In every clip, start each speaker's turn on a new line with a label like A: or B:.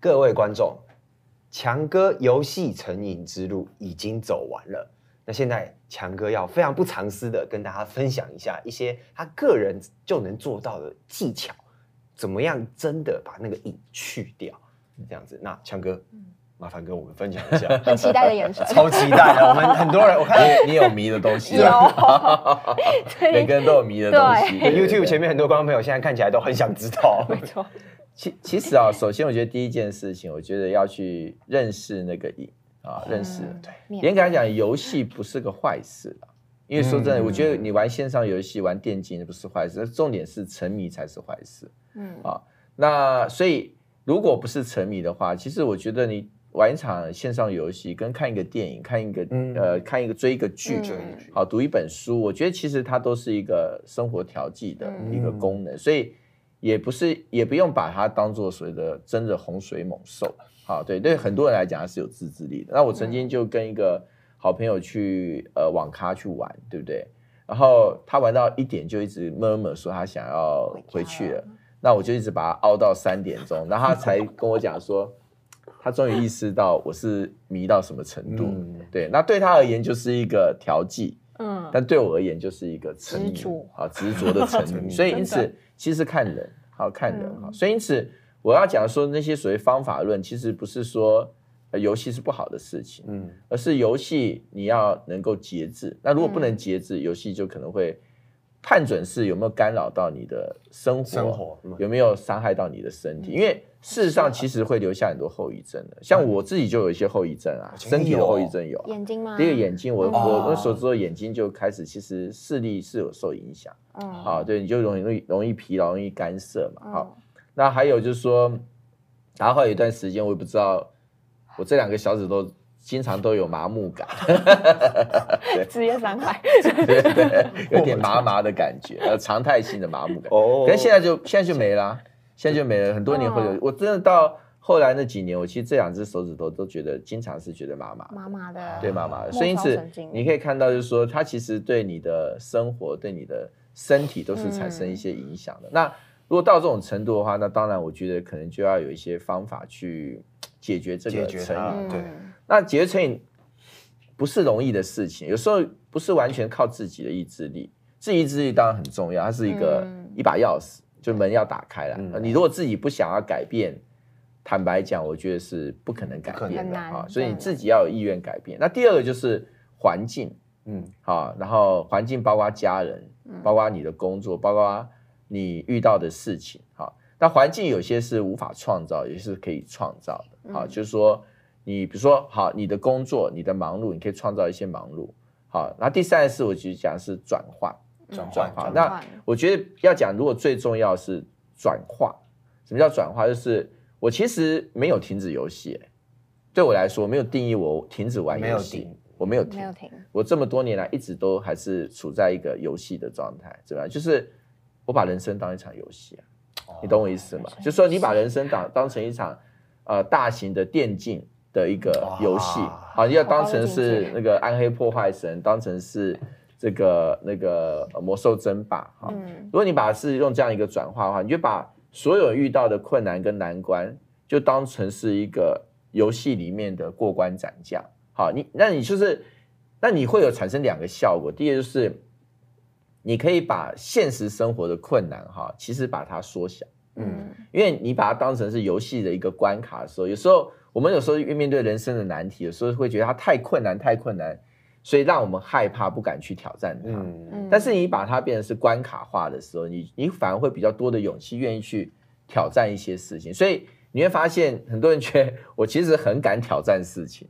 A: 各位觀眾，強哥遊戲成癮之路已經走完了，那現在強哥要非常不藏私的跟大家分享一下一些他個人就能做到的技巧，怎麼樣真的把那個癮去掉？這樣子，那強哥，嗯，麻煩跟我們分享一下，很期待的眼神，超期待的。 我們很多人，我看你你有迷的東西，有，對 每個人都有迷的東西。對對對對 YouTube 前
B: 面很多觀眾朋友現在看起來都很想知道，沒錯。其其實啊，首先我覺得第一件事情，我覺得要去認識那個癮啊、嗯，認識。對。嚴格來講，遊戲不是個壞事，因為說真的、嗯，我覺得你玩線上遊戲、玩電競不是壞事，重點是沉迷才是壞事。
A: 嗯。啊，
B: 那所以如果不是沉迷的話，其實我覺得你玩一場線上遊戲，跟看一個電影、看一個、嗯、呃、看一個追一追一個劇，嗯、好讀一本書，我覺得其實它都是一個生活調劑的一個功能，嗯、所以。也不是，也不用把它當做所謂的真的洪水猛獸。好、哦，對對，很多人來講，他是有自制力的。那我曾經就跟一個好朋友去呃網咖去玩，對不對？然後他玩到一點就一直悶悶說他想要回去了，回家了，那我就一直把他熬到三點鐘，然後他才跟我講說，他終於意識到我是迷到什麼程度。嗯、對，那對他而言就是一個調劑。嗯，但對我而言就是一個沉迷，啊，執着的沉迷。 所以因此，其實看人，好看人哈、嗯。所以因此，我要講說那些所謂方法論，其實不是說遊戲是不好的事情，嗯，而是遊戲你要能夠節制。那如果不能節制，遊、嗯、戲就可能會。判準是有沒有干擾到你的生活，生活嗯、有沒有傷害到你的身體、嗯？因為事實上其實會留下很多後遺症的、嗯。像我自己就有一些後遺症啊、嗯，身體的後遺症有、啊、眼
A: 睛嗎？第一個眼睛我、嗯，我我我那時候
B: 眼睛就開始，其實視力是有受影響。嗯，好、哦，對，你就容易容易疲勞，容易乾澀嘛。好、哦嗯，那還有就是說，然後有一段時間，我也不知道，我這兩個小指頭。經常都有麻木感，
A: 職 業 傷害， 對
B: 對，有點麻麻的感覺，呃，常態性的麻木感。哦，可是現在就現在就、啊、現在就沒了，現在就沒了，很多年會有、哦，我真的到後來那幾年，我其實這兩只手指頭都覺得經常是覺得麻麻的，
A: 麻麻的，對，麻
B: 麻的。啊、麻麻的。所以因此你可以看到，就是說它其實對你的生活、對你的身體都是產生一些影響的、嗯。那如果到這種程度的話，那當然我覺得可能就要有一些方法去。解決這個成癮，對、嗯，那解決成癮不是容易的事情，有時候不是完全靠自己的意志力，自己意志力當然很重要，它是一個、嗯、一把鑰匙，就門要打開了、嗯。你如果自己不想要改變，坦白講，我覺得是不可能改變的啊，所以你自己要有意願改變。那第二個就是環境，嗯，好，然後環境包括家人，包括你的工作，包括你遇到的事情。那環境有些是無法創造，有些是可以創造的。好、嗯啊，就是說，你比如說，好，你的工作，你的忙碌，你可以創造一些忙碌。好，那第三件事，我就講的是轉化、
A: 嗯，轉化。那我
B: 覺得要講，如果最重要的是轉化，什麼叫轉化？就是我其實沒有停止遊戲，對我來說，我沒有定義我停止玩遊戲，沒我沒有，沒有停，我這麼多年來一直都還是處在一個遊戲的狀態，怎麼樣？就是我把人生當一場遊戲、啊你懂我意思嗎？啊、就是、說，你把人生當當成一場，呃，大型的電競的一個遊戲，好，啊、你要當成是那個暗黑破壞神，當成是這個、嗯、那個魔獸爭霸，哈、啊。如果你把是用這樣一個轉化的話，你就把所有遇到的困難跟難關，就當成是一個遊戲裡面的過關斬將，好、啊，你那你就是，那你會有產生兩個效果，第一個就是。你可以把現實生活的困難哈，其實把它縮小，嗯，因為你把它當成是遊戲的一個關卡的時候，有時候我們有時候面對人生的難題，有時候會覺得它太困難太困難，所以讓我們害怕不敢去挑戰它，嗯。嗯，但是你把它變成是關卡化的時候，你你反而會比較多的勇氣，願意去挑戰一些事情。所以你會發現，很多人覺得我其實很敢挑戰事情，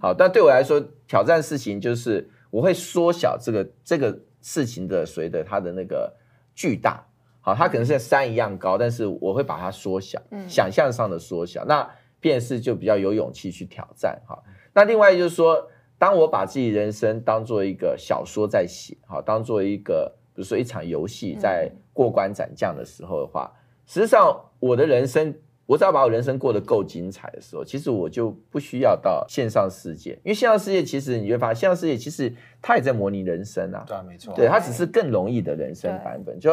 B: 好，嗯，但對我來說，挑戰事情就是我會縮小這個這個。事情的隨着它的那個巨大，好，它可能是像山一樣高，但是我會把它縮小，嗯，想象上的縮小，那便是就比較有勇氣去挑戰，哈。那另外就是說，當我把自己人生當做一個小說在寫，哈，當做一個，比如說一場遊戲在過關斬將的時候的話，嗯，實際上我的人生。我只要把我人生過得夠精彩的時候，其實我就不需要到線上世界，因為線上世界其實你會發現，線上世界其實它也在模擬人生啊，對啊，沒錯，對，它只是更容易的人生版本。就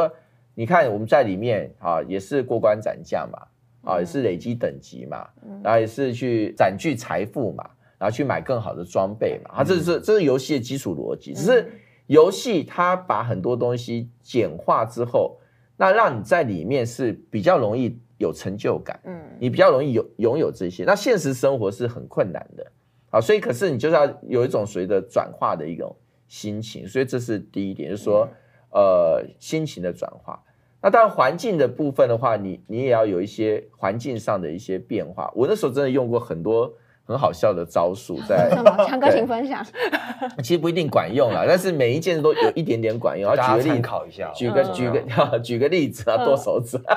B: 你看我們在裡面啊，也是過關斬將嘛，啊，也是累積等級嘛，嗯、然後也是去攢聚財富嘛，然後去買更好的裝備嘛，啊，這是這是遊戲的基礎邏輯、嗯。只是遊戲它把很多東西簡化之後，那讓你在裡面是比較容易。有成就感，嗯，你比較容易有擁有這些。那現實生活是很困難的，啊，所以可是你就是要有一種隨着轉化的一種心情，所以這是第一點，就是說，呃，心情的轉化。那當然環境的部分的話，你你也要有一些環境上的一些變化。我那時候真的用過很多。很好笑的招數，在強哥，請
A: 分享。
B: 其實不一定管用了，但是每一件都有一點點管用，大家參考一下。舉個舉個舉個例子啊，子剁手指，剁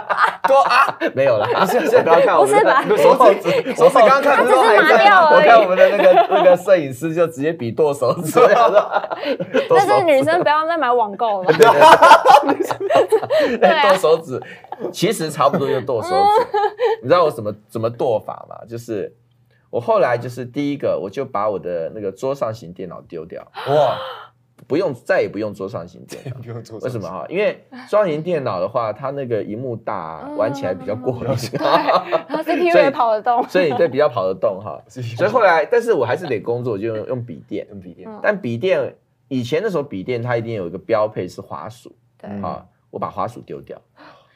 B: 啊，啊，啊，啊，沒有啦，不是、啊、不要看不我們的不不手、欸手，手指，我是剛剛看的，只是麻掉而已。我看我們的那個 那個攝影師就直接比剁手指，是 但是女生
A: 不要再買網購了對對對 對、啊欸。剁
B: 手指， 其實差不多就剁手指。嗯、你知道我怎麼怎麼剁法嗎？就是。我後來就是第一個，我就把我的那個桌上型電腦丟掉，哇，不用，再也不用桌上型電腦，不用桌上型為什麼哈？啊？因為桌上型電腦的話，嗯、它那個螢幕大，玩起來比較過癮，嗯嗯嗯、 對，CPU 也跑得動， 所以你對比較跑得動哈、啊。所以後來，但是我還是得工作， 就用用筆電，用筆電。但筆電、嗯、以前的時候，筆電它一定有一個標配是滑鼠，對、嗯啊、我把滑鼠丟掉。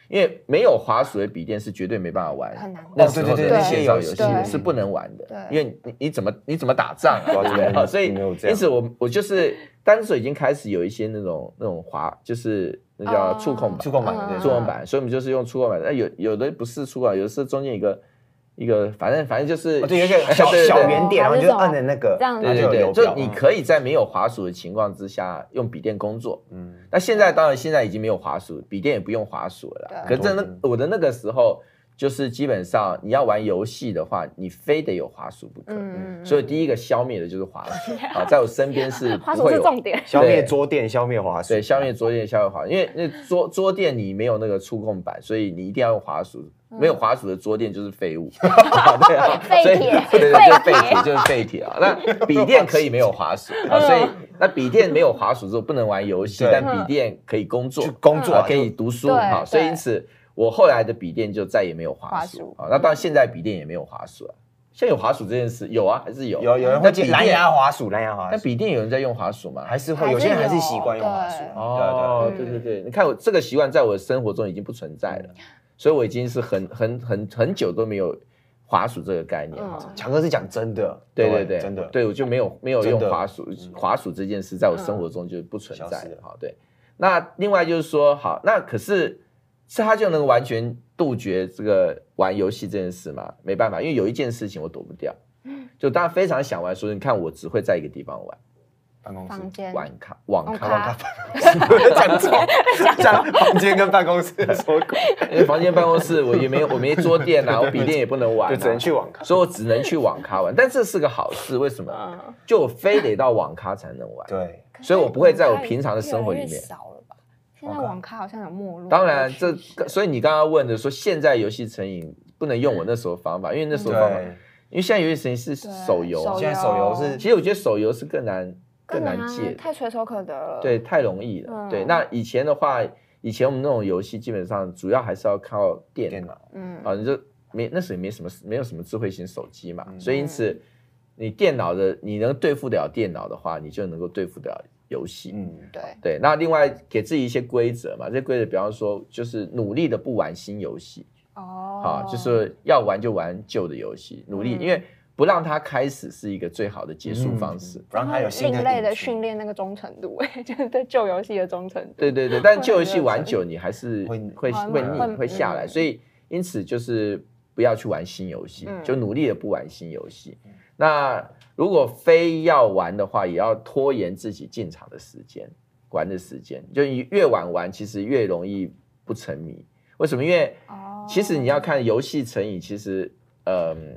B: 因為沒有滑鼠的筆電是絕對沒辦法玩的，很難的。那時候的那些遊戲是不能玩的。哦，對、對、對、對，那些小遊戲是不能玩的。對，對，因為你你怎麼你怎麼打仗啊？對不對，嗯？所以、嗯、因此我我就是當時已經開始有一些那種那種滑，就是那叫觸控板，哦、觸控板，嗯、觸控板，嗯。所以我們就是用觸控板，那、嗯嗯、有有的不是觸控板，有的是中間一個。一個，反正反正就是一、哦、小圓點，然後
A: 就按的那個，對對對，就你可
B: 以在沒有滑鼠的情況之下用筆電工作，嗯，那現在當然現在已經沒有滑鼠，筆電也不用滑鼠了，可是、嗯、我的那個時候。就是基本上你要玩遊戲的話，你非得有滑鼠不
A: 可、嗯。所以
B: 第一個消滅的就是滑鼠、嗯、好在我身邊是不會有滑鼠是重點，消滅桌墊，消滅滑鼠。對，消滅桌墊，消滅滑，因為那桌桌墊你沒有那個觸控板，所以你一定要用滑鼠。嗯、沒有滑鼠的桌墊就是廢物。哈哈哈哈廢鐵。就是廢鐵就是廢鐵啊。 那筆電可以沒有滑鼠 啊，所以那筆電沒有滑鼠之後不能玩遊戲，嗯、但筆電可以工作，工作、嗯、可以讀書哈、嗯。所以因此。我後來的筆電就再也沒有滑鼠啊，那當然現在筆電也沒有滑鼠了、啊。現在有滑鼠這件事有啊，還是有。有有人在藍，藍牙滑鼠，藍牙滑鼠。那筆電有人在用滑鼠嗎？還是會有些人還是習慣用滑鼠。對哦對對對，對對對，你看我這個習慣在，在，、這個，在我的生活中已經不存在了，所以我已經是很很很很久都沒有滑鼠這個概念。強哥是講真的，對對對，真的，對，我就沒有沒有用滑鼠、嗯，滑鼠這件事在我生活中就不存在了、嗯。對。那另外就是說，好，那可是。是，他就能完全杜絕這個玩遊戲這件事嗎？沒辦法，因為有一件事情我躲不掉，就大家非常想玩，所以你看我只會在一個地方玩，辦公室、房間玩卡、網咖、網咖、網 咖、講錯、講房間跟辦公室，因為房間辦公室，我也沒有，我沒桌電，啊，我筆電也不能玩，啊， 就只能去網咖，所以我只能去網咖玩。但這是個好事，為什麼、嗯？就我非得到網咖才能玩，對，所以我不會在我平常的生活裡面。
A: 現在網咖好像有沒落。當
B: 然，這所以你剛剛問的說，現在遊戲成癮不能用我那時候的方法，嗯，因為那時候方法，嗯，因為現在遊戲成癮是手遊，手遊，現在手遊是，其實我覺得手遊是更難，更難戒，太垂
A: 手可得，對，
B: 太容易了，嗯。對，那以前的話，以前我們那種遊戲基本上主要還是要靠電腦，嗯，啊，你就沒那時候也沒什麼沒有什麼智慧型手機嘛，嗯，所以因此你電腦的你能對付得了電腦的話，你就能夠對付得了。遊戲，嗯，對對，那另外給自己一些規則嘛，這規則比方說就是努力的不玩新遊戲，
A: 哦，好、啊，就是
B: 要玩就玩舊的遊戲，努力，嗯、因為不讓他開始是一個最好的結束方式，嗯、不讓他有另類的
A: 訓練那個忠誠度，就是舊遊戲的忠誠度，對
B: 對對，但舊遊戲玩久你還是會會會膩，會，膩、嗯、會下來，所以因此就是不要去玩新遊戲，嗯、就努力的不玩新遊戲。那如果非要玩的話，也要拖延自己進場的時間，玩的時間，就你越晚玩，玩，其實越容易不沉迷。為什麼？因為其實你要看遊戲成癮，其實嗯，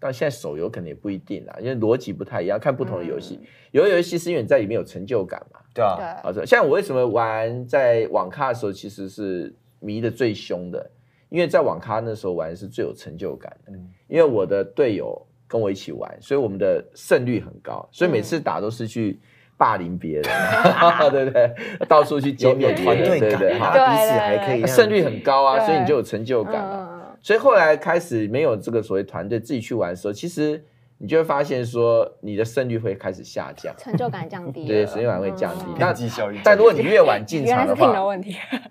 B: 但現在手遊可能也不一定啦，因為邏輯不太一樣，看不同的遊戲。嗯、有的遊戲是因為你在裡面有成就感嘛？對啊。好像我為什麼玩在網咖的時候其實是迷的最凶的，因為在網咖那時候玩的是最有成就感的，嗯、因為我的隊友。跟我一起玩，所以我們的勝率很高，所以每次打都是去霸凌別人，嗯、 對不對，對？到處去殲滅別人，對對，對、啊，對，彼此還可以勝率很高啊，所以你就有成就感了、啊嗯。所以後來開始沒有這個所謂團隊自己去玩的時候，其實你就會發現說你的勝率會開始下降，成
A: 就感降低，對，成就感
B: 會降低。那、嗯但，嗯、但如果你越晚進場的話， 原來是 timing 的問題。啊、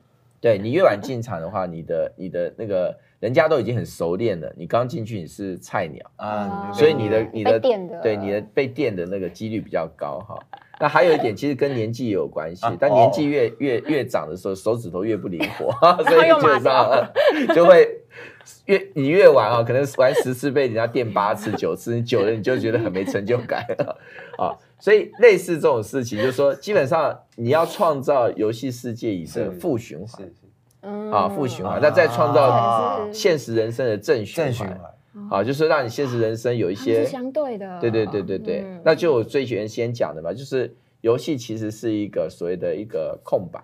B: 對，你越晚進場的話，你的你的那個。人家都已經很熟練了，你剛進去你是菜鳥啊，所以你的，電的你的對你的被電的那個幾率比較高哈、啊。那還有一點，其實跟年紀也有關係、啊，但年紀越越越長的時候，手指頭越不靈活，啊啊、所以你、啊、馬上就會越你越玩啊、哦， 可能玩十次被人家電八次九次，你久了你就覺得很沒成就感 啊。所以類似這種事情，就是說基本上你要創造遊戲世界一個負循環。嗯啊，負循環，那、啊、再創造現實人生的正循環。正循環，好、啊啊，就是讓你現實人生有一些是相
A: 對的，對對對
B: 對對。嗯、那就我最前面先講的吧，就是遊戲其實是一個所謂的一個空白，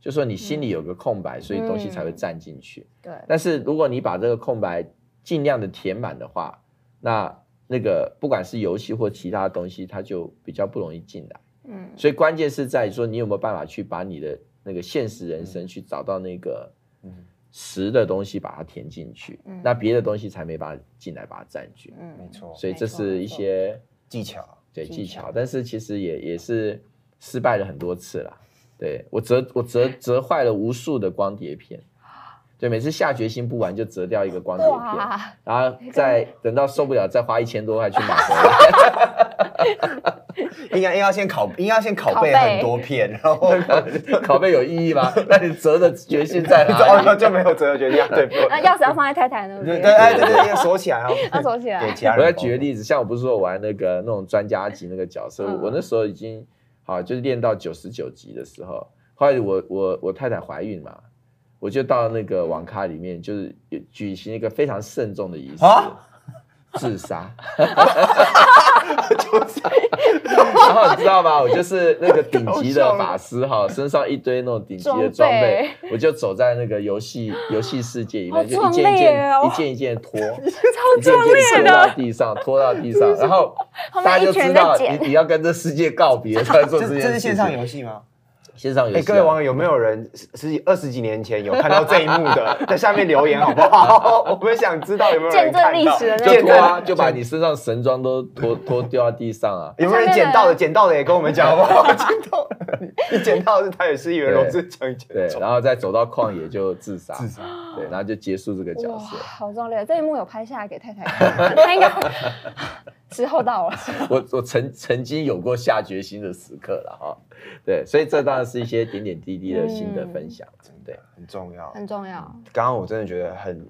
B: 就說你心裡有個空白、嗯，所以東西才會占進去、嗯。對。但是如果你把這個空白盡量的填滿的話，那那個不管是遊戲或其他東西，它就比較不容易進來。嗯。所以關鍵是在於說你有沒有辦法去把你的。那個現實人生去找到那個實的東西，把它填進去，嗯、那別的東西才沒辦法進來，把它占據。嗯，沒
A: 錯。所以這是
B: 一些技巧，對技巧。但是其實也也是失敗了很多次了。對，我折，我折，折壞了無數的光碟片。對，每次下決心不玩就折掉一個光碟片，然後再等到受不了再花一千多塊去買回來。 應該應該先拷應該先拷貝很多片，然後拷貝 有意義嗎？那你折的決心在哪裡、 哦？就沒有折的決心，對， 那
A: 鑰匙要放在太太那邊。對，對，對，對，哎 對，要鎖起來啊， 鎖起來。我要舉個
B: 例子，像我不是說玩那個那種專家級那個角色，嗯嗯，我那時候已經好，就是練到九十九級的時候，後來我我我太太懷孕嘛，我就到那個網咖裡面，就是舉行一個非常慎重的儀式，啊、自殺。 就是 然後你知道嗎？我就是那個頂級的法師，哈，身上一堆那種頂級的裝備，備，我就走在那個遊戲遊戲世界裡面，就一件一件、哦、一件一件拖，
A: 超的一件一件拖到
B: 地上，拖到地上，是是，然後
A: 大家就知道你你，你要
B: 跟這世界告別，在做這件事這，這是線上遊戲嗎？哎、啊，欸、各位網友，有沒有人十幾、二十幾年前有看到這一幕的， 在下面留言好不好？ 我們想知道有沒有見證歷史的那個就、啊。見證就把你身上神裝都拖拖掉到地上啊！有沒有人撿到的？撿到的也跟我們講好不好？撿 到你撿到是他也 是城一元融資創業，對，然後再走到曠野就自殺， 自殺對，然後就結束這個角
A: 色。哇，好壯烈！這一幕有拍下來給太太，看。應該時候到了。
B: 我我曾曾經有過下決心的時刻了哈。 對，所以這當然是一些點點滴滴的心得分享，對、嗯、很重要，很
A: 重要。剛、
B: 嗯、剛我真的覺得很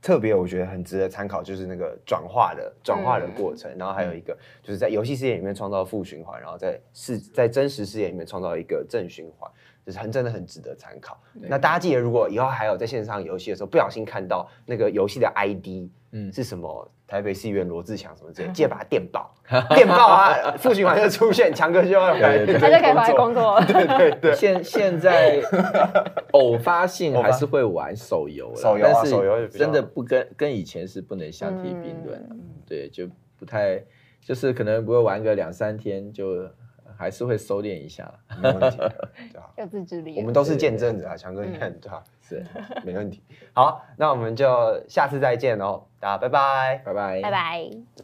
B: 特別，我覺得很
A: 值得參考，就是那個轉化的轉化的過程、嗯，然後還有一個就是在遊戲世界裡面創造負循環，然後在是在真實世界裡面創造一個正循環，就是很真的很值得參考、嗯。那大家記得，如果以後還有在線上遊戲的時候，不小心看到那個遊戲的 ID，嗯，是什麼？嗯台北市議員羅智強什麼之類，的、嗯、借把電爆電爆啊！負循環又出現，強哥就要他就開始工作，對對對、
B: 對。現在現在 偶發性還是會玩手遊了、啊，但是手遊真的不跟跟以前是不能相提並論了。對，就不太就是可能不會玩個兩三天，就還是會收斂一下。有自
A: 制力。我們都是見證者
B: 啊，強哥你看對吧？是，沒問題。好，那我們就下次再見嘍。
A: 啊！拜拜，拜拜，拜拜。